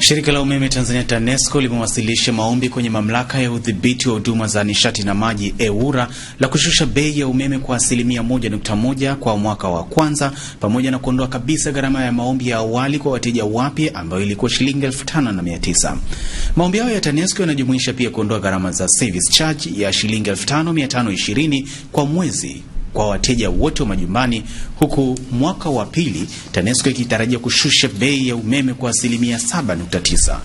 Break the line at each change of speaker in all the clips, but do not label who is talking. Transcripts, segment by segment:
Shirika la umeme Tanzania TANESCO limewasilisha maombi kwenye mamlaka ya udhibiti wa huduma za nishati na maji EWURA la kushusha bei ya umeme kwa asilimia moja nukta moja kwa mwaka wa kwanza pamoja na kuondoa kabisa gharama ya maombi ya awali kwa wateja wapya ambayo ilikuwa shilingi elfu tano na mia tisa. Maombi hayo ya TANESCO yanajumuisha pia kuondoa gharama za service charge ya shilingi elfu tano mia tano ishirini kwa mwezi kwa wateja wote wa majumbani, huku mwaka wa pili TANESCO ikitarajia kushusha bei ya umeme kwa asilimia 7.9.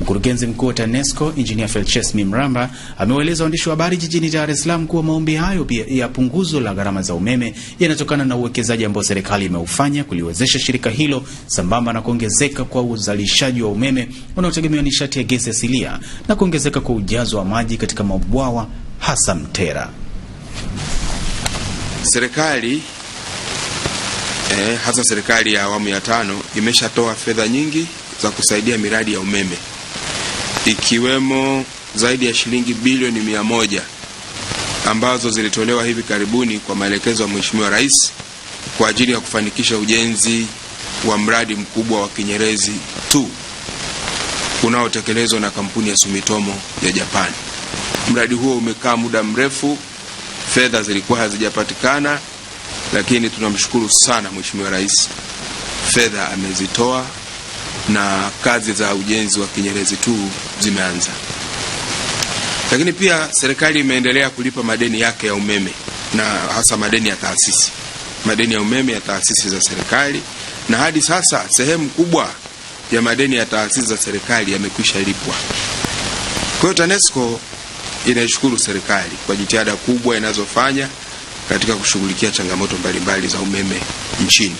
Mkurugenzi mkuu wa TANESCO Engineer Felchesmi Mramba amewaeleza waandishi wa habari jijini Dar es Salaam kuwa maombi hayo pia ya punguzo la gharama za umeme yanatokana na uwekezaji ambao serikali imeufanya kuliwezesha shirika hilo sambamba na kuongezeka kwa uzalishaji wa umeme unaotegemea nishati ya gesi asilia na kuongezeka kwa ujazo wa maji katika mabwawa hasa Mtera
serikali eh, hasa serikali ya awamu ya tano imeshatoa fedha nyingi za kusaidia miradi ya umeme ikiwemo zaidi ya shilingi bilioni mia moja ambazo zilitolewa hivi karibuni kwa maelekezo ya Mheshimiwa Rais kwa ajili ya kufanikisha ujenzi wa mradi mkubwa wa Kinyerezi tu unaotekelezwa na kampuni ya Sumitomo ya Japan. Mradi huo umekaa muda mrefu fedha zilikuwa hazijapatikana, lakini tunamshukuru sana Mheshimiwa Rais, fedha amezitoa na kazi za ujenzi wa Kinyerezi tu zimeanza. Lakini pia serikali imeendelea kulipa madeni yake ya umeme na hasa madeni ya taasisi, madeni ya umeme ya taasisi za serikali, na hadi sasa sehemu kubwa ya madeni ya taasisi za serikali yamekwisha lipwa. Kwa hiyo TANESCO inaishukuru serikali kwa jitihada kubwa inazofanya katika kushughulikia changamoto mbalimbali za umeme nchini.